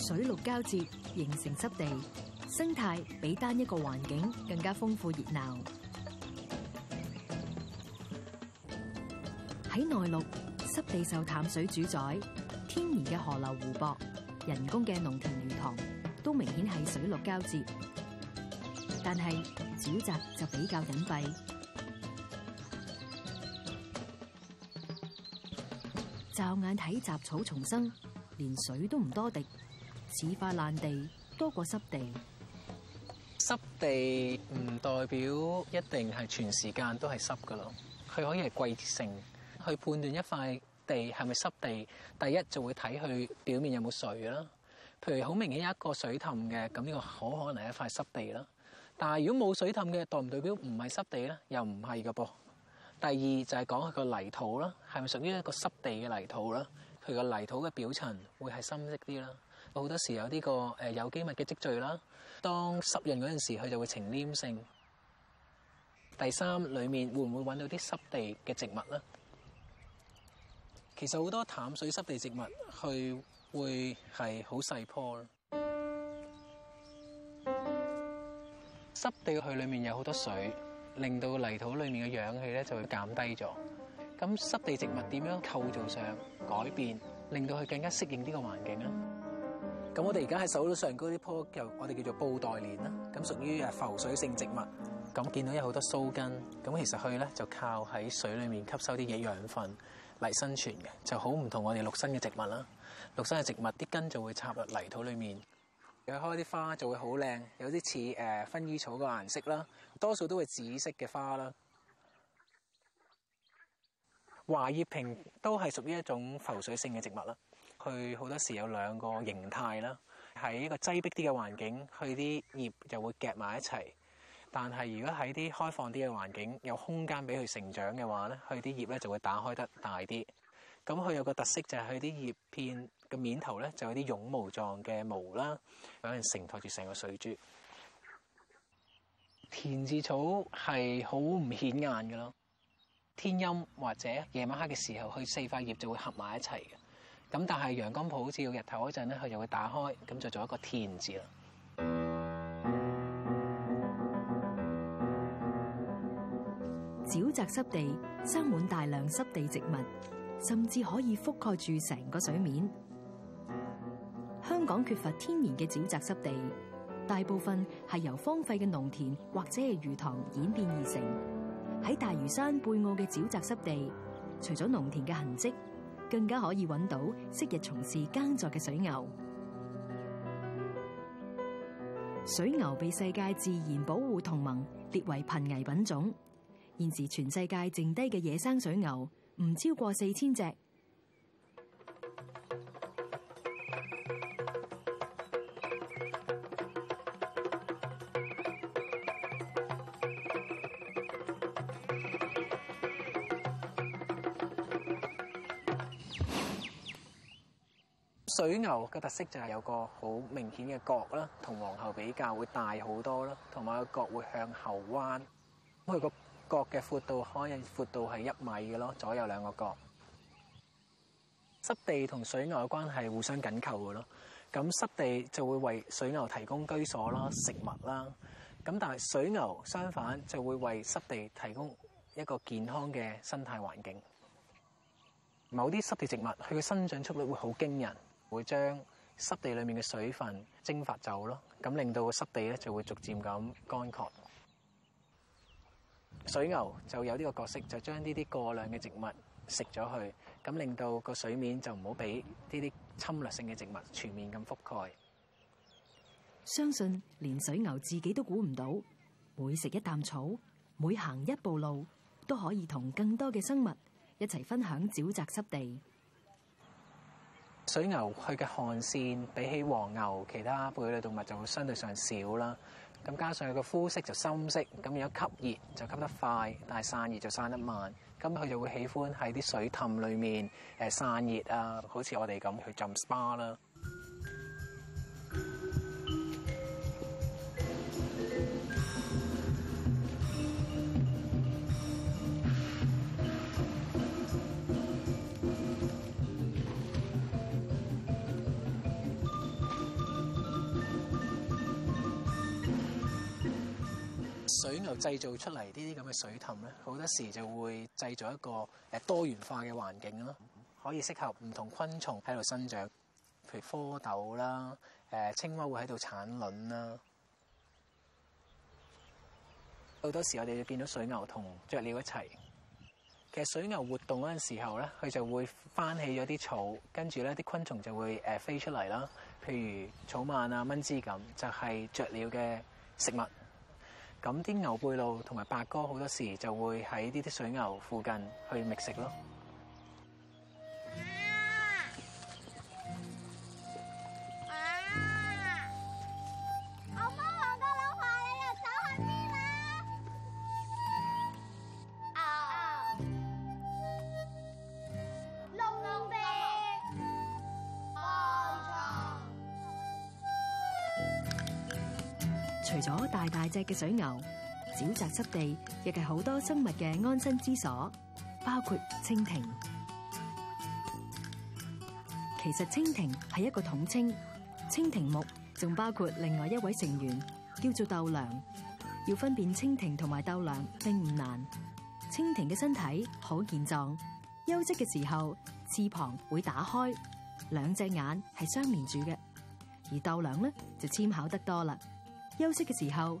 水陸交接形成濕地，生態比單一個環境更加豐富熱鬧。喺內陸，濕地受淡水主宰，天然嘅河流湖泊、人工嘅農田魚塘都明顯係水陸交接，但係沼澤就比較隱蔽。驟眼睇雜草叢生，連水都唔多滴。似塊爛地多過濕地，濕地唔代表一定係全時間都係濕噶咯。佢可以係季節性去判斷一塊地係咪濕地。第一就會睇佢表面有冇水啦。譬如好明顯有一個水氹嘅，咁呢個好可能係一塊濕地啦。但係如果冇水氹嘅，代唔代表唔係濕地咧？又唔係噶噃。第二就係講佢個泥土啦，係咪屬於一個濕地嘅泥土啦？佢個泥土嘅表層會係深色啲啦。好多時有呢個誒有機物嘅積聚啦。當濕潤嗰陣時，佢就會呈黏性。第三，裡面會唔會揾到啲濕地嘅植物咧？其實好多淡水濕地植物佢會係好細棵。濕地去裡面有好多水，令到泥土裡面嘅氧氣咧就會減低咗。咁濕地植物，點樣構造上改變，令到佢更加適應呢個環境咧？咁我哋而家喺手攞上高呢棵，又我哋叫做布袋蓮啦。咁屬於誒浮水性植物。咁見到有好多須根，咁其實佢咧就靠喺水裡面吸收啲嘢養分嚟生存嘅，就好唔同我哋陸生嘅植物啦。陸生嘅植物啲根就會插入泥土裡面，佢開啲花就會好靚，有啲似誒薰衣草個顏色啦，多數都會紫色嘅花啦。華葉萍都係屬於一種浮水性嘅植物啦。佢好多時有兩個形態啦，喺一個擠迫啲嘅環境，佢啲葉就會夾埋一齊；但係如果喺啲開放啲嘅環境，有空間俾佢成長嘅話咧，佢啲葉咧就會打開得大啲。咁佢有個特色就係佢啲葉片嘅面頭咧就有啲絨毛狀嘅毛啦，有人承托住成個水珠。田字草係好唔顯眼噶咯，天陰或者夜晚黑嘅時候，佢四塊葉就會合埋一齊嘅。咁但係陽光普照日頭嗰陣咧，佢就會打開，咁就做一個田字。沼澤濕地生滿大量濕地植物，甚至可以覆蓋住成個水面。香港缺乏天然嘅沼澤濕地，大部分係由荒廢嘅農田或者係魚塘演變而成。喺大嶼山貝澳嘅沼澤濕地，除咗農田嘅痕跡，更加可以揾到昔日從事耕作嘅水牛。水牛被世界自然保護同盟列為瀕危品種，現時全世界剩低嘅野生水牛唔超過四千隻。水牛嘅特色就係有個好明顯嘅角啦，同皇后比較會大好多啦，同埋個角會向後彎。佢個角嘅闊度開，闊度係一米嘅咯，左右兩個角。濕地同水牛嘅關係互相緊扣嘅咯。咁濕地就會為水牛提供居所啦、嗯、食物啦。咁但係水牛相反就會為濕地提供一個健康嘅生態環境。某啲濕地植物佢嘅生長速率會好驚人。會將濕地裏面嘅水分蒸發走咯，咁令到個濕地咧就會逐漸咁乾涸。水牛就有呢個角色，就將呢啲過量嘅植物食咗去，咁令到個水面就唔好俾呢啲侵略性嘅植物全面咁覆蓋。相信連水牛自己都估唔到，每食一啖草，每行一步路，都可以同更多嘅生物一齊分享沼澤濕地。水牛佢嘅汗腺比起黃牛，其他哺乳動物就會相對上少啦。咁加上佢嘅膚色就深色，咁如果吸熱就吸得快，但係散熱就散得慢。咁佢就會喜歡喺啲水氹裏面，誒散熱啊，好似我哋咁去浸 SPA 啦。水牛製造出嚟呢啲咁嘅水凼咧，好多時就會製造一個誒多元化嘅環境咯，可以適合唔同昆蟲喺度生長，譬如蝌蚪啦、誒青蛙會喺度產卵啦。好多時我哋就見到水牛同雀鳥一齊。其實水牛活動嗰陣時候咧，佢就會翻起咗啲草，跟住咧啲昆蟲就會誒飛出嚟啦，譬如草蜢啊、蚊枝咁，就係雀鳥嘅食物。咁啲牛背鷺同埋白哥好多時就會喺呢啲水牛附近去覓食咯。隻嘅水牛沼澤濕地亦係好多生物嘅安身之所，包括蜻蜓。其實蜻蜓係一個統稱，蜻蜓目仲包括另外一位成員叫做豆娘。要分辨蜻蜓同埋豆娘並唔難。蜻蜓嘅身體好健壯，休息嘅時候翅膀會打開，兩隻眼係相連住嘅。而豆娘呢，就纖巧得多啦。休息嘅時候。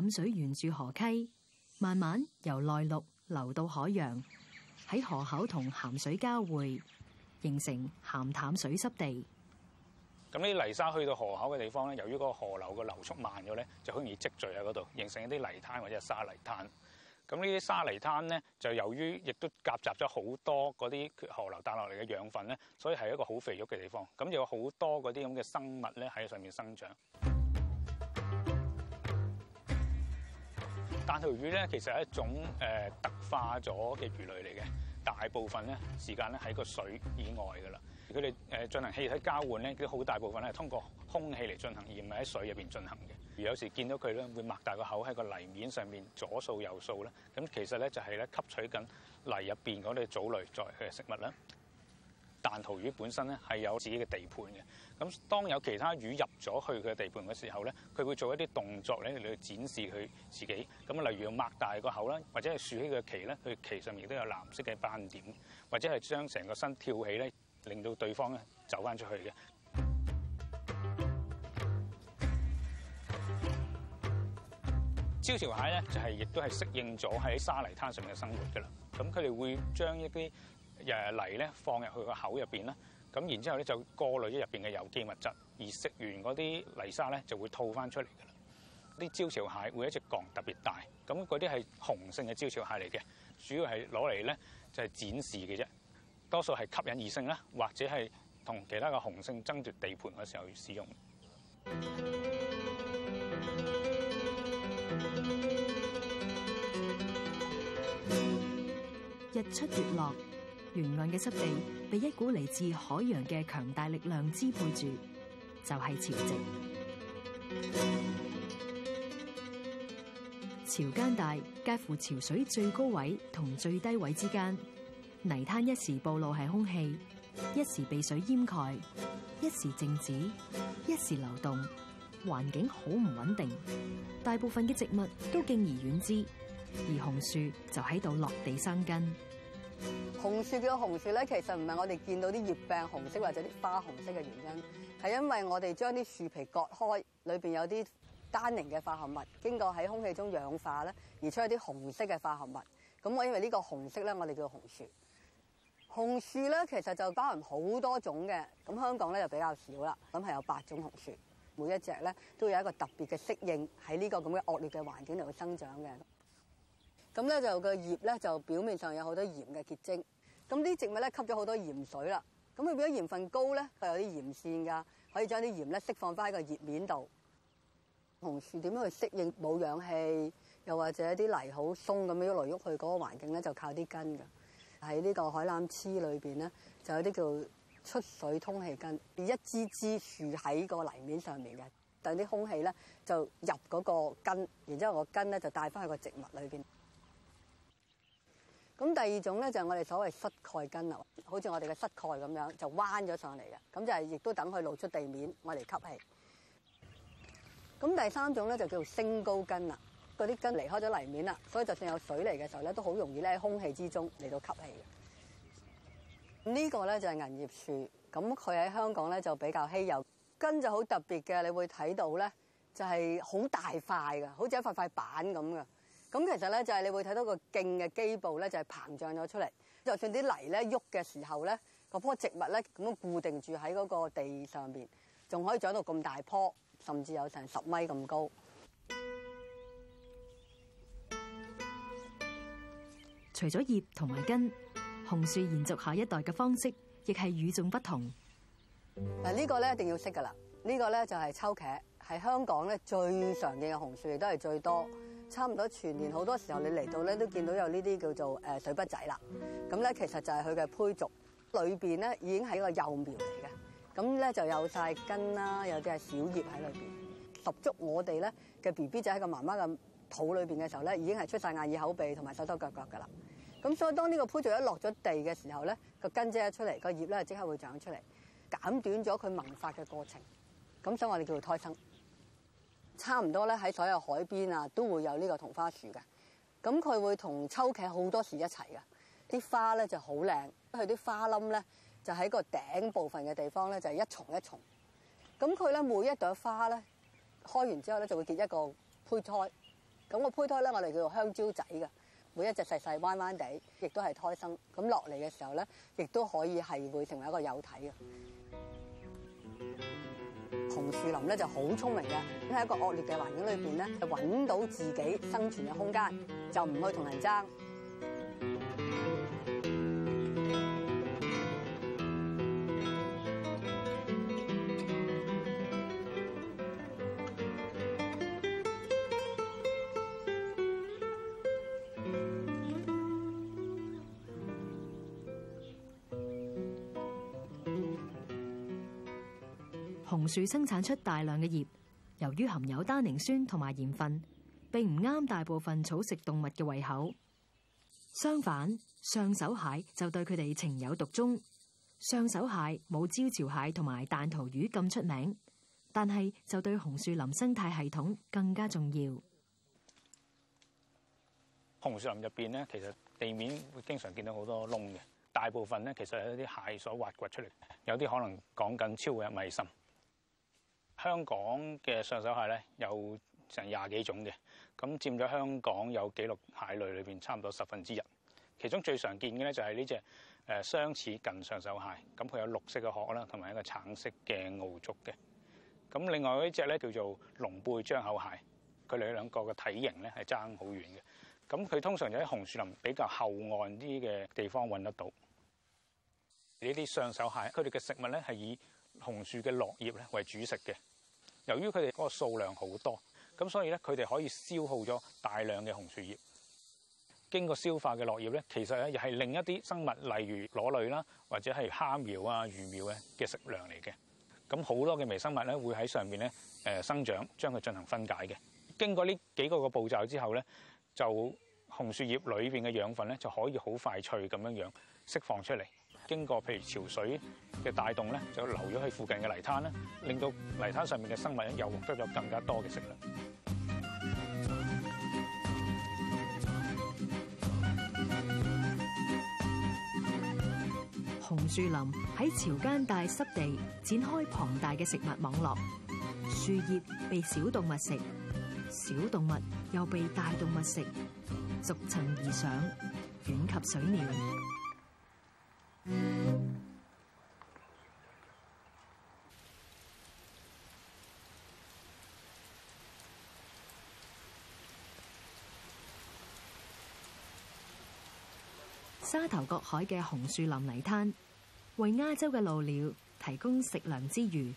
淡水沿住河溪，慢慢由內陸流到海洋，喺河口同鹹水交匯，形成鹹淡水濕地。咁呢啲泥沙去到河口嘅地方咧，由於嗰個河流嘅流速慢咗咧，就好容易積聚喺嗰度，形成一啲泥灘或者沙泥灘。咁呢啲沙泥灘咧，就由於亦都夾雜咗好多嗰啲河流帶落嚟嘅養分咧，所以係一個好肥沃嘅地方。咁有好多嗰啲咁嘅生物咧喺上面生長。但塗魚咧，其實係一種誒呃、特化咗嘅魚類嚟嘅，大部分咧時間咧喺個水以外噶啦，佢哋誒進行氣體交換咧，佢好大部分係通過空氣嚟進行，而唔係喺水入面進行嘅。而有時見到佢咧，會擘大個口喺個泥面上面左掃右掃啦，咁其實咧就係、是、咧吸取緊泥入面嗰啲藻類作為佢嘅食物啦。彈塗魚本身咧係有自己嘅地盤嘅，咁當有其他魚入咗去佢嘅地盤嘅時候咧，佢會做一啲動作咧嚟展示佢自己。咁例如擘大個口啦，或者係豎起個旗咧，佢旗上面亦都有藍色嘅斑點，或者係將成個身跳起咧，令到對方咧走返出去嘅。招潮蟹咧就係亦都係適應咗喺沙泥灘上面嘅生活噶啦。咁佢哋會將一啲誒泥咧放入去個口入邊啦，咁然之後咧就過濾咗入邊嘅有機物質，而食完嗰啲泥沙咧就會吐翻出嚟㗎啦。啲招潮蟹會一隻鉗特別大，咁嗰啲係雄性嘅招潮蟹嚟嘅，主要係攞嚟咧就係展示嘅啫，多數係吸引異性啦，或者係同其他嘅雄性爭奪地盤嘅時候使用。日出月落。沿岸嘅濕地被一股嚟自海洋嘅強大力量支配住，就係潮汐。潮間帶，介乎潮水最高位同最低位之間，泥灘一時暴露係空氣，一時被水淹蓋，一時靜止，一時流動，環境好唔穩定。大部分嘅植物都敬而遠之，而紅樹就喺度落地生根。紅樹叫做紅樹咧，其實唔係我哋見到啲葉柄紅色或者啲花紅色嘅原因，係因為我哋將啲樹皮割開，裏邊有啲單寧嘅化合物，經過喺空氣中氧化咧，而出咗啲紅色嘅化合物。咁我因為呢個紅色咧，我哋叫做紅樹。紅樹咧，其實就包含好多種嘅。咁香港咧就比較少啦。咁係有八種紅樹，每一隻咧都有一個特別嘅適應喺呢個咁嘅惡劣嘅環境度到生長嘅。咁咧就個葉咧就表面上有好多鹽嘅結晶。咁啲植物咧吸咗好多鹽水啦。咁佢變咗鹽分高咧，佢有啲鹽線噶，可以將啲鹽咧釋放翻喺個葉面度。紅樹點樣去適應冇氧氣，又或者啲泥好鬆咁樣喐嚟喐去嗰個環境咧，就靠啲根㗎。喺呢個海南黐裏面咧，就有啲叫出水通氣根，一枝枝樹喺個泥面上面嘅，等啲空氣咧就入嗰個根，然之後個根咧就帶翻去個植物裏面。咁第二種咧就係、是、我哋所謂失蓋根啦，好似我哋嘅膝蓋咁樣，就彎咗上嚟嘅，咁就係亦都等佢露出地面，我嚟吸氣。咁第三種咧就叫做升高根啦，嗰啲根離開咗泥面啦，所以就算有水嚟嘅時候咧，都好容易咧喺空氣之中嚟到吸氣嘅。個呢個咧就係、是、銀葉樹，咁佢喺香港咧就比較稀有，根就好特別嘅，你會睇到咧就係好大塊嘅，好似一塊塊板咁嘅。咁其實咧，就係你會睇到個莖嘅基部咧，就係膨脹咗出嚟。就算啲泥咧喐嘅時候咧，嗰棵植物咧咁樣固定住喺嗰個地上邊，仲可以長到咁大棵，甚至有成十米咁高。除咗葉同埋根，紅樹延續下一代嘅方式亦係與眾不同。嗱，呢個咧一定要識噶啦。呢個咧就係秋茄，係香港咧最常見嘅紅樹，亦都係最多。差唔多全年好多時候你來，你嚟到咧都見到有呢啲叫做誒、呃、水筆仔啦。咁咧其實就係佢嘅胚軸裏邊咧已經係一個幼苗嚟嘅。咁咧就有晒根啦，有啲係小葉喺裏邊，十足我哋咧嘅 B B 就喺個媽媽嘅肚裏邊嘅時候咧已經係出晒眼耳口鼻同埋手手腳腳㗎啦。咁所以當呢個胚軸一落咗地嘅時候咧，個根即一出嚟，個葉咧即刻會長出嚟，減短咗佢萌發嘅過程。咁所以我哋叫做胎生。差唔多咧，喺所有海邊啊，都會有呢個桐花樹嘅。咁佢會同秋茄好多樹一齊嘅。啲花咧就好靚，佢啲花冧咧就喺個頂部分嘅地方咧就係一重一重。咁佢咧每一朵花咧開完之後咧就會結一個胚胎。咁個胚胎咧我哋叫做香蕉仔嘅，每一隻細細彎彎地，亦都係胎生。咁落嚟嘅時候咧，亦都可以係會成為一個幼體嘅。紅樹林咧就好聰明嘅，咁喺一個惡劣嘅環境裏邊咧，係揾到自己生存嘅空間，就唔去同人爭。紅樹生產出大量嘅葉，由於含有單寧酸同埋鹽分，並唔啱大部分草食動物嘅胃口。相反，上手蟹就對佢哋情有獨鍾。上手蟹冇招潮蟹同埋彈塗魚咁出名，但係就對紅樹林生態系統更加重要。紅樹林入邊呢，其實地面會經常見到好多窿嘅，大部分呢其實係一啲蟹所挖掘出嚟，有啲可能講緊超過一米深。香港嘅上手蟹咧有成廿幾種嘅，咁佔咗香港有紀錄蟹類裏邊差唔多十分之一。其中最常見嘅咧就係呢隻誒相似近上手蟹，咁佢有綠色嘅殼啦，同埋一個橙色嘅螯足嘅。咁另外嗰一隻咧叫做龍背張口蟹，佢哋兩個嘅體型咧係爭好遠嘅。咁佢通常就喺紅樹林比較後岸啲嘅地方揾得到。呢啲上手蟹，佢哋嘅食物咧係以紅樹嘅落葉咧為主食嘅。由於佢哋嗰個數量好多，咁所以咧佢哋可以消耗咗大量嘅紅樹葉。經過消化嘅落葉咧，其實咧又係另一啲生物，例如螺類啦，或者係蝦苗啊、魚苗嘅嘅食糧嚟嘅。咁好多嘅微生物咧會喺上面咧誒生長，將佢進行分解嘅。經過呢幾個個步驟之後咧，就紅樹葉裏邊嘅養分咧就可以好快脆咁樣樣釋放出嚟。經過譬如潮水嘅帶動，咧，就流咗喺附近嘅泥灘咧，令到泥灘上面嘅生物又獲得咗更加多嘅食糧。紅樹林喺潮間帶濕地展開龐大嘅食物網絡，樹葉被小動物食，小動物又被大動物食，逐層而上，遍及水鳥。沙頭角海嘅紅樹林泥灘，為亞洲嘅鷺鳥提供食糧之餘，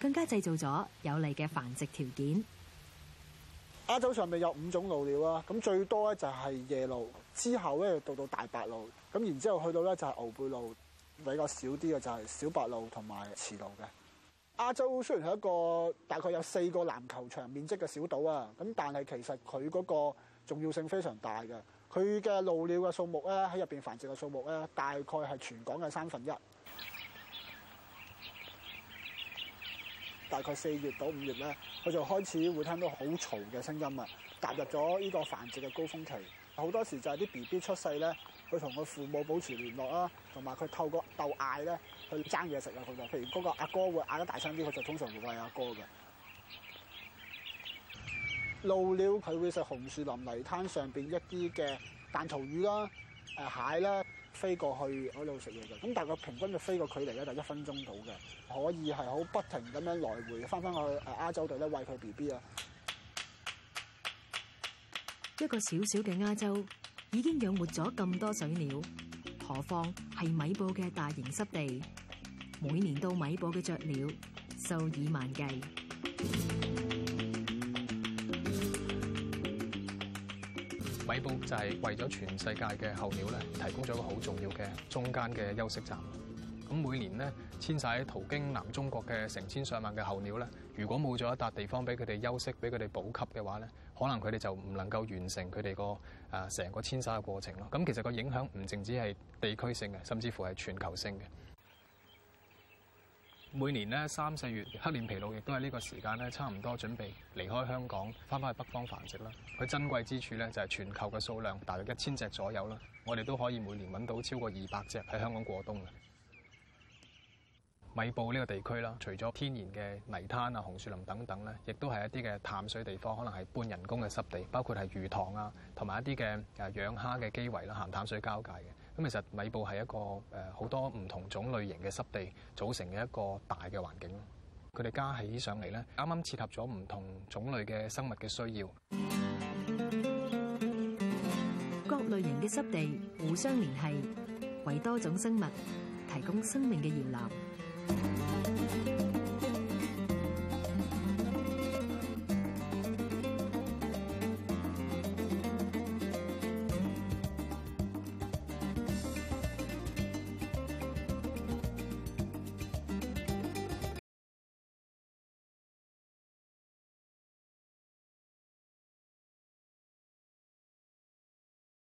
更加製造咗有利嘅繁殖條件。亞洲上面有五種鷺鳥啦，咁最多咧就係夜鷺，之後咧到到大白鷺，咁然之後去到咧就係牛背鷺，比較少啲嘅就係小白鷺同埋池鷺嘅。亞洲雖然係一個大概有四個籃球場面積嘅小島啊，咁但係其實佢嗰個重要性非常大嘅，佢嘅鷺鳥嘅數目咧喺入邊繁殖嘅數目咧，大概係全港嘅三分一。大概四月到五月咧，佢就開始會聽到好嘈嘅聲音啊，踏入咗呢個繁殖嘅高峰期。好多時就係啲 B B 出世咧，佢同佢父母保持聯絡啊，同埋佢透過鬥嗌咧去爭嘢食啊，佢就譬如嗰個阿哥、哥會嗌得大聲啲，佢就通常會餵阿哥嘅。鷺鳥佢會食紅樹林泥灘上邊一啲嘅彈塗魚啦、誒、呃、蟹啦。飛過去嗰度食嘢嘅，咁大概平均嘅飛個距離咧就一分鐘到嘅，可以係好不停咁樣來回翻翻去亞洲度咧，餵佢 B B 啊！一個小小嘅亞洲已經養活咗咁多水鳥，何況係米埔嘅大型濕地，每年到米埔嘅雀鳥數以萬計。米埔就係為咗全世界嘅候鳥咧，提供咗一個好重要嘅中間嘅休息站。咁每年咧，遷徙途經南中國嘅成千上萬嘅候鳥咧，如果冇咗一笪地方俾佢哋休息，俾佢哋補給嘅話咧，可能佢哋就唔能夠完成佢哋、呃、個誒成個遷徙嘅過程咯。咁其實個影響唔淨止係地區性嘅，甚至乎係全球性嘅。每年三四月，黑臉琵鷺亦都喺呢個時間咧，差唔多準備離開香港，翻返去北方繁殖啦。佢珍貴之處就係全球嘅數量大約一千隻左右啦。我哋都可以每年揾到超過二百隻喺香港過冬。米埔呢個地區啦，除咗天然嘅泥灘啊、紅樹林等等也亦都係一啲嘅淡水地方，可能係半人工嘅濕地，包括係魚塘啊，同埋一啲嘅蝦養蝦嘅基圍啦，鹹淡水交界嘅。咁其實米埔係一個誒好多唔同種類型嘅濕地組成嘅一個大嘅環境，佢哋加起上嚟咧，啱啱切合咗唔同種類嘅生物嘅需要，各類型嘅濕地互相聯繫，為多種生物提供生命嘅搖籃。